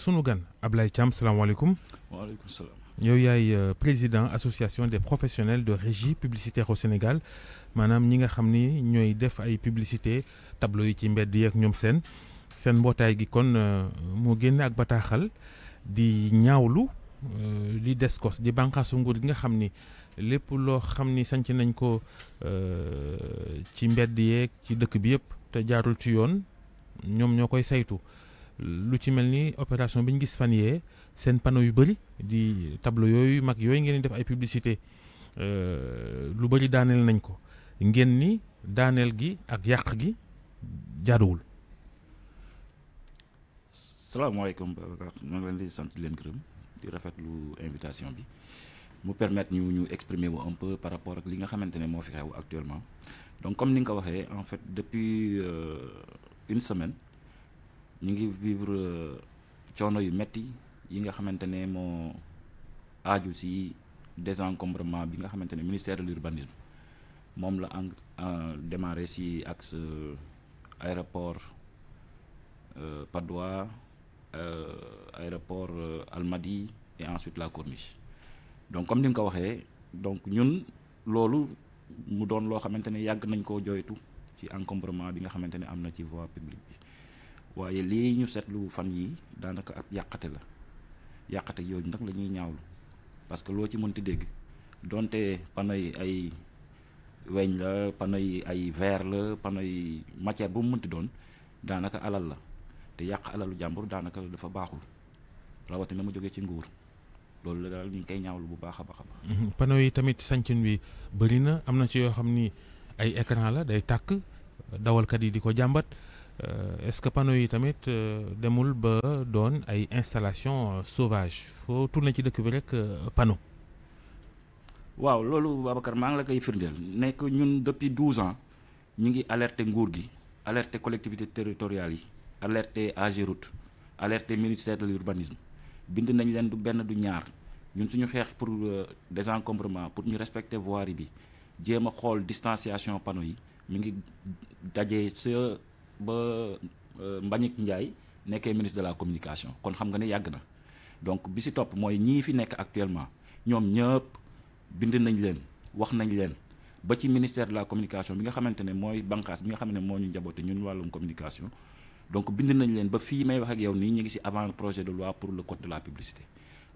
sunu gan Ablaye Thiam wa waaleykum salaam. yow euh, président association des professionnels de régie publicitaire au Sénégal maanaam ñi nga xam def ay publicité tableau yi ci mbedd yi ak sen seen seen mbootaay gi kon euh, ak bataaxal di ñaawlu euh, li descos. di bànqaasu nguur gi nga xam ni lépp loo xam ni sanc nañ ko ci mbedd yeeg ci dëkk bi yëpp te jaarul ci yoon ñoom ñoo koy saytu lu ci opération biñu gis fan yee panneau yu bari di tableau yoyu mak yoy ngeen def ay publicité euh, lu bari danel nañ ko ngeen ni daaneel gi ak yàq gi jaaduwul. salaamaaleykum Babacar ma ngi di sant leen gërëm di rafetlu invitation bi mu permettre ñu ñu exprimer wu un peu par rapport ak li nga xamante ne moo fi xew actuellement donc comme ni nga waxé en fait depuis euh, une semaine ñu ngi vivre euh, coono yu metti yi nga xamante ne moo aaju si désencombrement bi nga xamante ne ministère de l'urbanisme moom la en euh, démarré si axe aéroport euh, Patte aéroport Almadi et ensuite la Corniche donc comme ni nga ko waxee donc ñun loolu mu doon loo xamante ne yàgg nañ koo joytu ci encombrement bi nga xamante ne am na ci voie publique bi waaye lii ñu seetlu fan yii daanaka ab yàqate la yàqate yooyu nag la ñuy ñaawlu parce que loo ci mënti dégg donte pano yi ay weñ la pano yi ay veer la pano yi matière bu mu mënti doon daanaka alal la te yàq alalu jàmbur daanaka dafa baaxul rawati na mu jógee ci nguur loolu la daal ñu koy ñaawlu bu baax a baax a baax. Mhm. pano yi tamit sañcin bi bëri na am na ci yoo xam ni ay écran la day tàkk dawalkat yi di ko jàmbat. Euh, est-ce que panneau yi tamit euh, demul ba doon ay installation euh, sauvage Faut tourner ci dëkk bi rek panneau waaw loolu Babacar mang ngi la koy firndeel nekk ñun depuis douze ans ñi ngi alerter nguur gi alerter collectivité territoriale yi alerter AGEROUTE alerter ministère de l'urbanisme bind nañ leen du ben du ñaar ñun suñu xex pour désencombrement pour ñu respecter voirie bi jema xol distanciation panneau. yi mi ngi dajé ba euh, Mbagnick Ndiaye nekkee ministre de la communication kon xam nga na donc bi si topp mooy ñii fi nekk actuellement ñom ñepp bind nañ leen wax nañ leen ba ci ministère de la communication bi nga xamantene moy bankas bi nga xamantene ne ñu ñun walum communication donc bind nañ leen ba fi may wax ak yow ni ñi ngi ci avant projet de loi pour le code de la publicité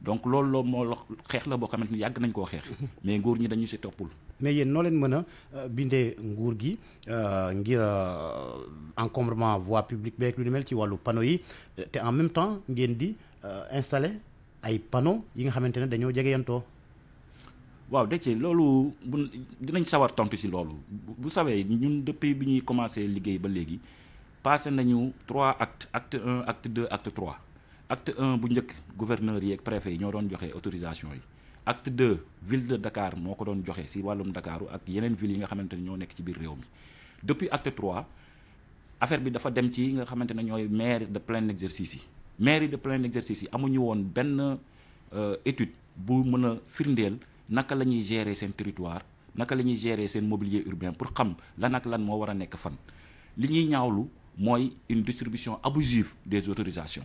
donc loolu loo moo la xeex la boo xamante ni yàgg nañ koo xeex mais nguur ñi dañu si toppul mais yéen noo leen mën a euh, bindee nguur gi euh, ngir euh, encombrement voie publique beeg lu ni mel ci wàllu panneau yi te en même temps ngeen di installer ay panneau yi nga xamante ne dañoo jegeyantoo waaw de ci loolu bu dinañ sawar tontu si loolu bu sawee ñun depuis bi ñuy commencé liggéey ba léegi passé nañu trois actes acte 1 acte 2 acte 3 acte 1, bu njëkk gouverneur yi ak préfet yi ñoo doon Acte autorisation yi acte 2, ville de Dakar a ko doon joxe si wàllum Dakaru ak yeneen ville yi nga depuis acte 3, affaire bi dafa dem ci nga maire de plein exercice yi maire de plein exercice yi amuñu woon euh, étude bu mën comment naka gérer seen territoire naka gérer mobilier urbain pour xam lan ak lan faire. Ce qu'ils nekk fan une distribution abusive des autorisations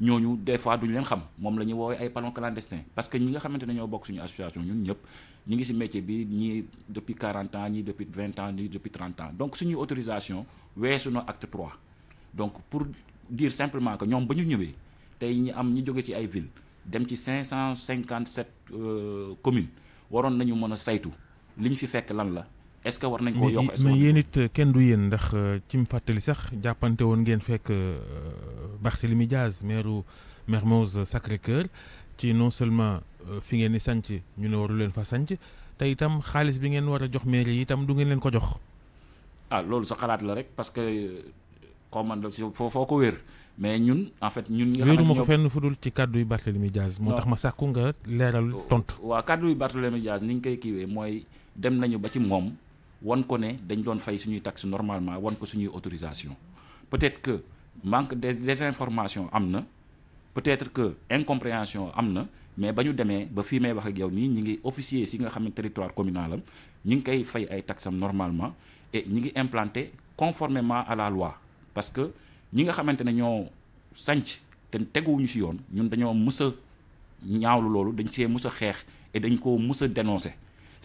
nous, des fois duñ leen xam moom la ñuy ay clandestins parce que nous, nga xamante ne ñoo bokk suñu association ñun ñëpp métier depuis 40 ans depuis 20 ans depuis 30 ans donc une autorisation weesu na acte 3 donc pour dire simplement que nous, avons ñu ñëwee tey ñi am ñi ci ay villes 557 euh, communes Nous nañu mën a saytu liñ fi fekk est-ce que war nañ koo yokk mais yéen it euh, kenn du yéen ndax euh, ci mu fàttali sax jàppante woon ngeen fekk euh, Barthélemy Diaz maire Mermoz Sacré-Cœur ci non seulement fi ngeen di sanc ñu ne warul leen fa sanc te itam xaalis bi ngeen war a jox maire yi itam du ngeen leen ko jox ah loolu sa xalaat la rek parce que commande si foo foo ko wér mais ñun en fait ñun ñi nga ko fenn fu ci kàddu yu Barthélemy Diaz moo tax ma sàkku nga leeral oh, tontu. waa kàddu yu Barthélemy Diaz ni ñu koy kiiwee mooy dem nañu ba ci moom On ko ne dañ doon fay suñuy taxe normalement won ko suñuy autorisation peut-être que manque des des informations amna peut-être que incompréhension amna mais bañu démé ba fi may wax ak yow ni ñi ngi officier si nga xamné territoire communal am ñi ngi fay ay taxam normalement et ñi ngi implanté conformément à la loi parce que ñi nga xamanté ne ñoo sanc te teguwuñu ci yoon ñun dañoo mës a ñaawlu lolu dañ ci mës xex et dañ ko mës dénoncé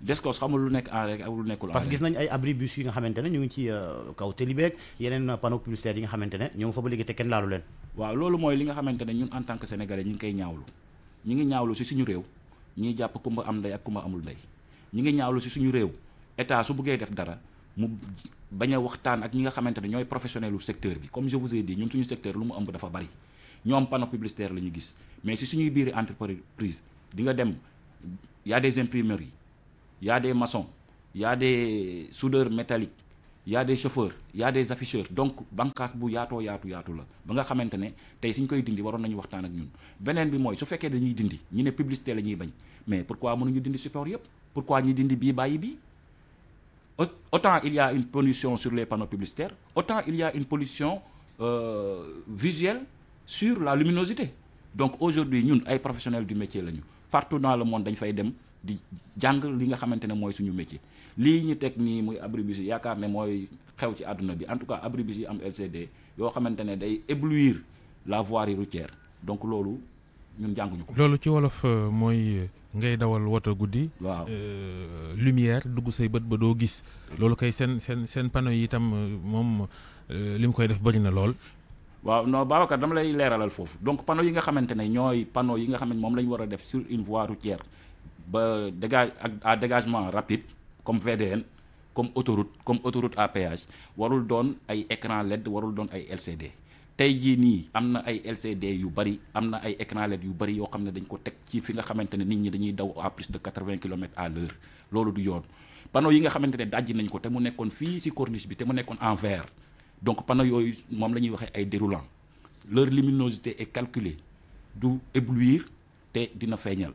descos xamul lu nek en rek ak lu nekul parce que gis nañ ay abri bus yi nga xamantene ñu ngi ci euh, kaw telibek yeneen panneau publicitaire yi nga xamantene ñu fa ba legi te kenn laalu len waaw loolu mooy li nga xamantene ñun en tant que sénégalais ñu ngi koy ñaawlu ñi ngi ñaawlu ci suñu réew ñi japp kumba am nday ak kumba amul nday ñi ngi ñaawlu ci suñu réew état su bëggee def dara mu baña waxtaan ak ñi nga xamantene ñoy professionnel secteur bi comme je vous ai dit ñun suñu secteur lu mu ëmb dafa bari ñoom panneau publicitaire lañu gis mais si suñu biir entreprise di nga dem y a des imprimeries il y a des maçons, il y a des soudeurs métalliques, il y a des chauffeurs, il y a des afficheurs. Donc, bankas bu yato yaatu yaatu la. Ba nga xamantene tay suñ koy dindi waron nañu waxtaan ak ñun. Benen bi moy su fekkee dañuy dindi, ñi ne publicité lañuy bañ. Mais pourquoi mënuñu dindi support yépp Pourquoi ñi dindi bi les bi? Autant il y a une pollution sur les panneaux publicitaires, autant il y a une pollution euh, visuelle sur la luminosité. Donc aujourd'hui, nous, les professionnels du métier, partout dans le monde, nous faisons di jàng li nga xamantene moy suñu métier li ñu tek ni muy abribus yi yaakaar ne moy xew ci aduna bi en tout cas abribus yi am LCD yo xamantene day éblouir la voirie routière donc lolu ñun jànguñu ko. lolu ci wolof euh, moy ngay dawal wota guddi. euh lumière dugg say bët ba do gis. lolu kay sen sen sen panneau yi tam euh, mom euh, lim koy def bari na lool. waaw non Babacar dama lay leeralal foofu donc panneau yi nga xamantene ñoy panneau yi nga xamantene mom lañ wara def sur une voie routière ba dégage ak à dégagement rapide comme VDN comme autoroute comme autoroute à péage warul doon ay écran LED warul doon ay LCD tey jii nii am na ay LCD yu bari am na ay écran LED yu bari yoo xam ne dañ ko teg ci fi nga xamante ne nit ñi dañuy daw à plus de quatre-vingts kilomètres à l'heure yoon panneau yi nga xamante ne dajji nañ ko te mu nekkoon fii si corniche bi te mu nekkoon en vert donc panneau yooyu moom la ñuy waxee ay déroulant leur luminosité est calculée du éblouir te dina feeñal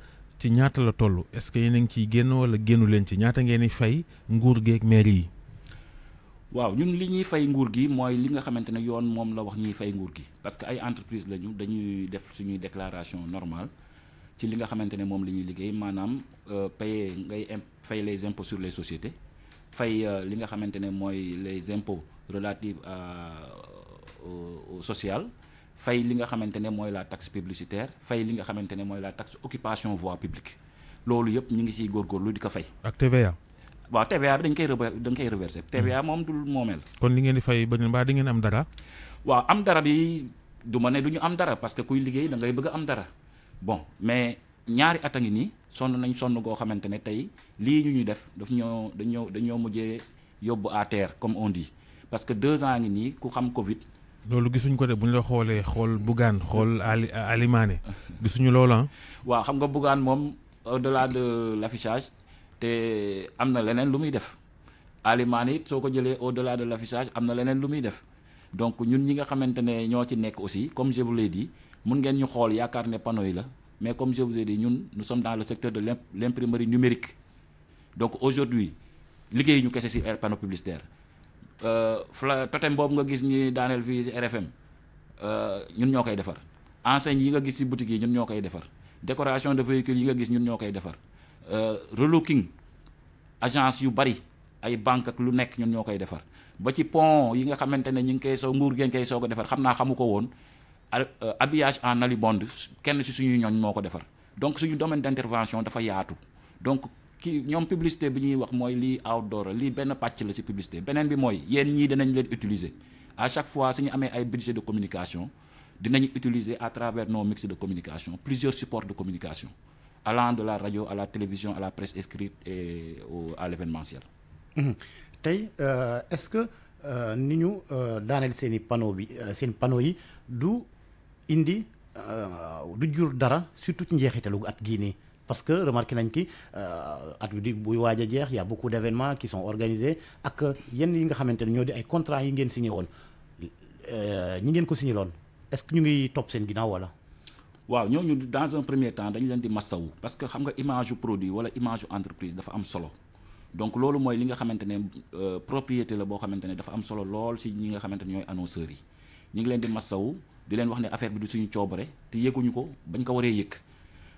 ci ñaata la toll est-ce que yéen a ngi ciy génn wala génnu leen ci ñaata ngeen di fay nguur geeg maire yi. waaw ñun li ñuy fay nguur gi mooy li nga xamante ne yoon moom la wax ñuy fay nguur gi parce que ay entreprise la ñu dañuy def suñuy déclaration normale ci li nga xamante ne moom la ñuy liggéey maanaam euh, payer ngay fay les impôts les sociétés fay euh, li nga xamante ne mooy les impôts relatifs à sociale fay li nga xamantene moy la taxe publicitaire fay li nga xamantene moy la taxe occupation voie publique loolu yep ñu ngi gor gor lu diko fay. ak TVA. Wa TVA dañ koy dañ koy reversé. TVA hmm. moom dul momel kon li ngeen di fay ba mbaa di ngeen am dara. wa am dara bi duma ne duñu am dara parce que kuy liggéey da ngay bëgg am dara bon mais ñaari atangi ni, ngi nii sonn nañ sonn go xamantene tay li ñu ñu def daf ñoo dañoo dañoo mujjee yóbbu à terre comme on dit parce que deux ans ngi ni ku xam Covid loolu gisuñ ko de bu ñu la xoolee xool Bougane xool Ali Ali Mané gisuñu loolu ah. waaw xam nga Bougane moom au-delà de l'affichage te am na leneen lu muy def Ali Mané it soo ko jëlee au-delà de l'affichage am na leneen lu muy def donc ñun ñi nga xamante ne ñoo ci nekk aussi comme je vous l'ai dit mun ngeen ñu xool yaakaar ne panneau yi la mais comme je vous ai dit ñun nous sommes dans le secteur de l'imprimerie numérique donc aujourd'hui liggéey ñu kese ci panneau publicitaire totem euh, boobu nga gis ni daaneel fii si rfm euh, ñun ñoo koy defar enseigne yi nga gis si boutique yi ñun ñoo koy defar décoration de véhicule yi nga gis ñun ñoo koy defar euh, relooking agence yu bari ay banque ak lu nekk ñun ñoo koy defar ba ci pont yi nga xamante ne ñu ngi koy soo nguur gi koy soo ko defar xam naa xamu ko woon habillage en alibonde kenn si suñu ñooñ moo ko defar donc suñu domaine d' intervention dafa yaatu donc Qui une publicité bi wax outdoor publicité à chaque fois si ñu budget de communication Nous utiliser à travers nos mix de communication plusieurs supports de communication allant de la radio à la télévision à la presse écrite et à l'événementiel. Mmh. Euh, est-ce que euh, nous, ñu euh, panneau bi seen panneau yi surtout parce que remarquez nañ ki euh bi di buy il jeex y' a beaucoup d'événements qui sont organisés ak yenn yi nga xamante ñoo di ay contrats yi ngeen signé euh ñi ngeen ko signé loon est ce que ñu ngi topp seen ginnaaw wala. waaw ñu dans un premier temps dañ leen di massaw parce que xam nga image produit wala image entreprise dafa am solo donc loolu mooy li nga xamante ne euh, propriété la boo xamante ne dafa am solo lool si ñi nga xamante ne ñooy annonceurs yi ñu ngi leen di massaw di leen wax ne affaire bi du suñu coobare te yëguñu ko bañ ko waree yëg.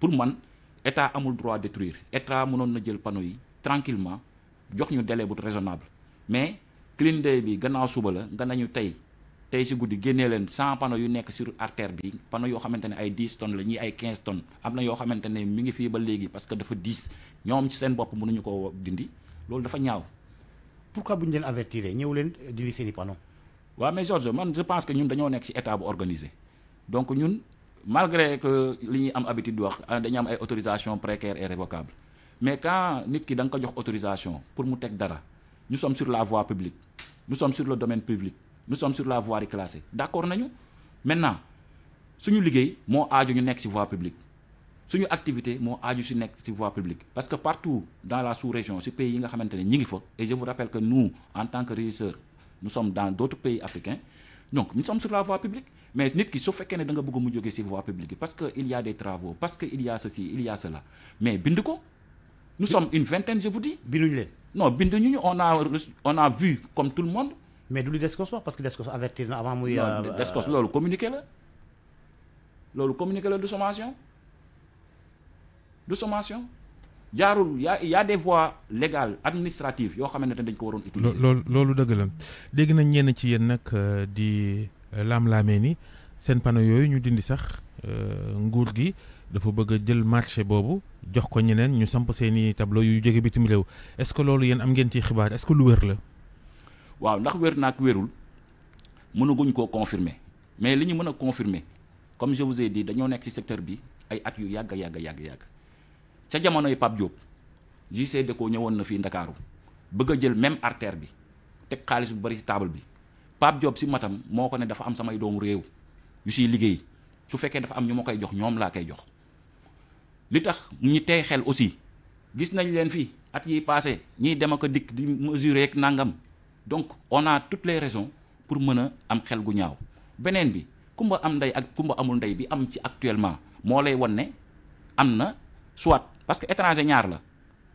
pour man état amul droit détruire état mënoon na jël panneau yi tranquillement jox ñu délai bu raisonnable mais clean day bi gannaaw suba la nga nañu tey tey si guddi génnee leen cent panneaux yu nek sur artère bi panneau yo xamante ay 10 tonnes la ñi ay 15 tonnes amna yo yoo mi ngi fi ba légui parce que dafa 10, ñom ci seen bopp mënuñu ko dindi loolu dafa ñaaw. pourquoi buñu len leen avertir ñëw leen dindi seen i panneaux. waaw mais Georges man je pense que ñun dañoo nek ci état bu organisé donc ñun malgré que li autorisations am habitude wax ah, dañu et révocables, mais quand nit ki da nga autorisation pour mu teg nous sommes sur la voie publique nous sommes sur le domaine public nous sommes sur la voie réclassée. d'accord nañu maintenant suñu liggéey moo aaju ñu sur la voie publique suñu activité moo aaju ci sur ci voie publique parce que partout dans la sous-région ce pays yi nga xamante et je vous rappelle que nous en tant que régisseurs nous sommes dans d'autres pays africains donc nous sommes sur la voie publique mais nous qui su fait la nous voie publique parce qu'il y a des travaux parce qu'il y a ceci il y a cela mais Bindou, nous sommes une vingtaine je vous dis. non Nous ñu on a on a vu comme tout le monde. mais nous sommes des parce que Descos avertir avertis avant euh, de nous. Descos loolu communiquer la Nous communiquer la du sommation sommation jaarul y' a y' a des voies légales administratives Yo, xamante ne dañ ko waroon utiliser. loolu loolu dëgg la dégg nañ ñenn ci yéen euh, di euh, l'am laamee ni panneau yooyu ñu dindi sax euh, nguur gi dafa bëgg jël marché bobu jox ko ñeneen ñu samp seeni tableau yu jóge bitim rew est-ce que loolu yeen am ngeen ci xibaar est-ce que lu wër la. waaw ndax nak wërul mënu guñ ko confirmer mais li ñu confirmer comme je vous ai dit dañu nekk ci secteur bi ay at yu yàgg yàgg yàgg yàgg. ca jamonoy Pape Diop JC Deco ñëwoon na fii Ndakaaru bëgg a jël même artère bi teg xaalis bu bari ci table bi Pape Diop si matam moo ko ne dafa am samay doomu réew yu ciy liggéey su fekkee dafa am ñu ma koy jox ñoom laa koy jox li tax ñi tey xel aussi gis nañ leen fii at yi passé ñiy dem ak a dikk di mesurer ak nangam donc on a toutes les raisons pour mën a am xel gu ñaaw beneen bi kumba am ndey ak kumba amul ndey bi am ci actuellement moo lay won ne am na soit parce que étranger ñaar la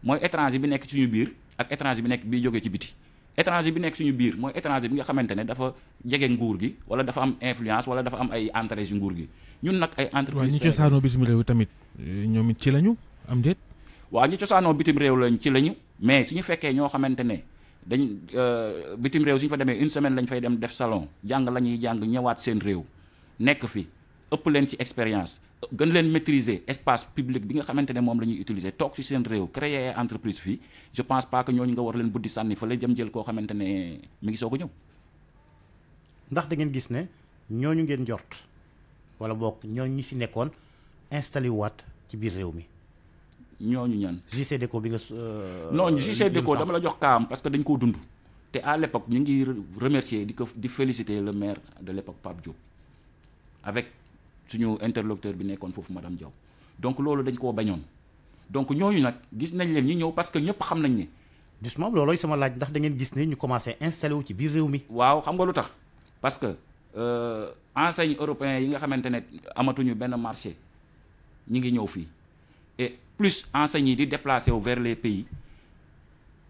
mooy étranger bi nekk suñu biir ak étranger bi nekk bi jógee ci biti étranger bi nekk suñu biir mooy étranger bi nga xamante ne dafa jege nguur gi wala dafa am influence wala dafa am ay entreprises yu nguur gi ñun nag ay entreprise ñi cosaanoo bitim réew tamit ñoom it ci lañu am déet waaw ñi cosaanoo bitim réew lañ ci lañu mais suñu fekkee ñoo xamante ne dañ euh, bitim réew suñu fa demee une semaine lañ fay dem def salon jàng la ñuy jàng ñëwaat seen réew nekk fi ëpp leen ci expérience gën leen maîtriser espace public bi nga xamante ne moom la ñuy utiliser toog ci seen réew créer entreprise fii je pense pas que ñooñu nga war leen buddi sànni fa la jëm jël koo xamante ne mi ngi soog a ñëw. ndax da ngeen gis ne ñooñu ngeen jort wala boog ñooñu ñi ci nekkoon installé waat ci biir réew mi. ñooñu ñan. JCDecaux bi nga. Euh, non JCDecaux dama la jox kaam parce que dañ koo dund. te à l'époque ñu ngi remercier di ko di féliciter le maire de l'époque Pape Diop avec suñu interlocuteur bi nekkoon foofu madame Diaw donc loolu dañ koo bañoon donc ñooñu nag gis nañ leen ñu ñëw parce que ñëpp xam nañ ne. justement loolooy sama laaj ndax da ngeen gis ne ñu commencé installé wu ci biir réew mi. waaw xam nga lu tax parce que euh, enseigne européen yi nga xamante ne amatuñu benn marché ñi ngi ñëw fii et plus enseigne yi di déplacé wu vers les pays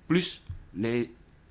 plus les.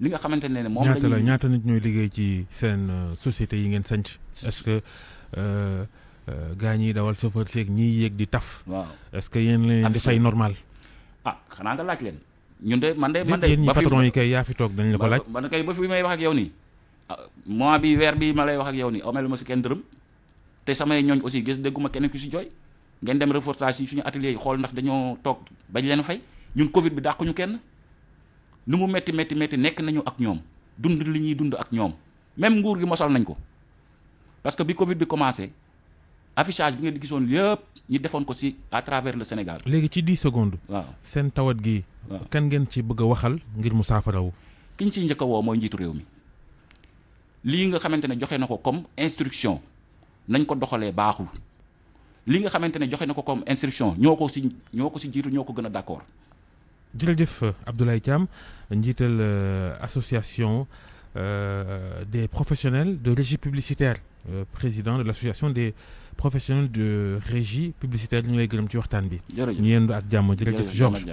li nga xamante ne moom la ñuy ñaata la ñaata nit ñooy liggéey ci seen euh, société yi ngeen sanc est-ce que euh, euh, gaa ñiy dawal chauffeur seeg ñiy yéeg di taf. waaw est-ce que yéen leen di fay normal. ah xanaa nga laaj leen. ñun de man de man de. yéen ñi patron yi kay yaa fi toog dañ la ko laaj. man kay ba fi may wax ak yow nii. Ah, mois bi weer bi ma lay wax ak yow nii amelu ma si kenn dërëm. te samay ñooñ aussi gis dégguma kenn ku si jooy. ngeen dem reportage yi suñu atelier yi xool ndax dañoo toog bañ leen fay ñun lu mu métti métti métti nekk nañu ak ñoom dund li ñuy dund ak ñoom même nguur gi mosal nañ ko parce que bi Covid bi commencé affichage bi ngeen gisoon yëpp ñi defoon ko ci à travers le Sénégal. léegi ci dix secondes. waaw seen tawat gi. kenn ngeen ci bëgg a waxal ngir mu saafarawu. ki ñu ciy njëkk woo mooy njiitu réew mi lii nga xamante ne joxe na ko comme instruction nañ ko doxalee baaxul li nga xamante ne joxe na ko comme instruction ñoo ko ci ñoo ko ci jiitu ñoo ko gën a d'accord. jërëjëf Abdoulaye Thiam njiital euh, association euh, des professionnels de régie publicitaire euh, président de l'association des professionnels de régie publicitaire de ngi lay gërëm ci waxtaan bi. Georges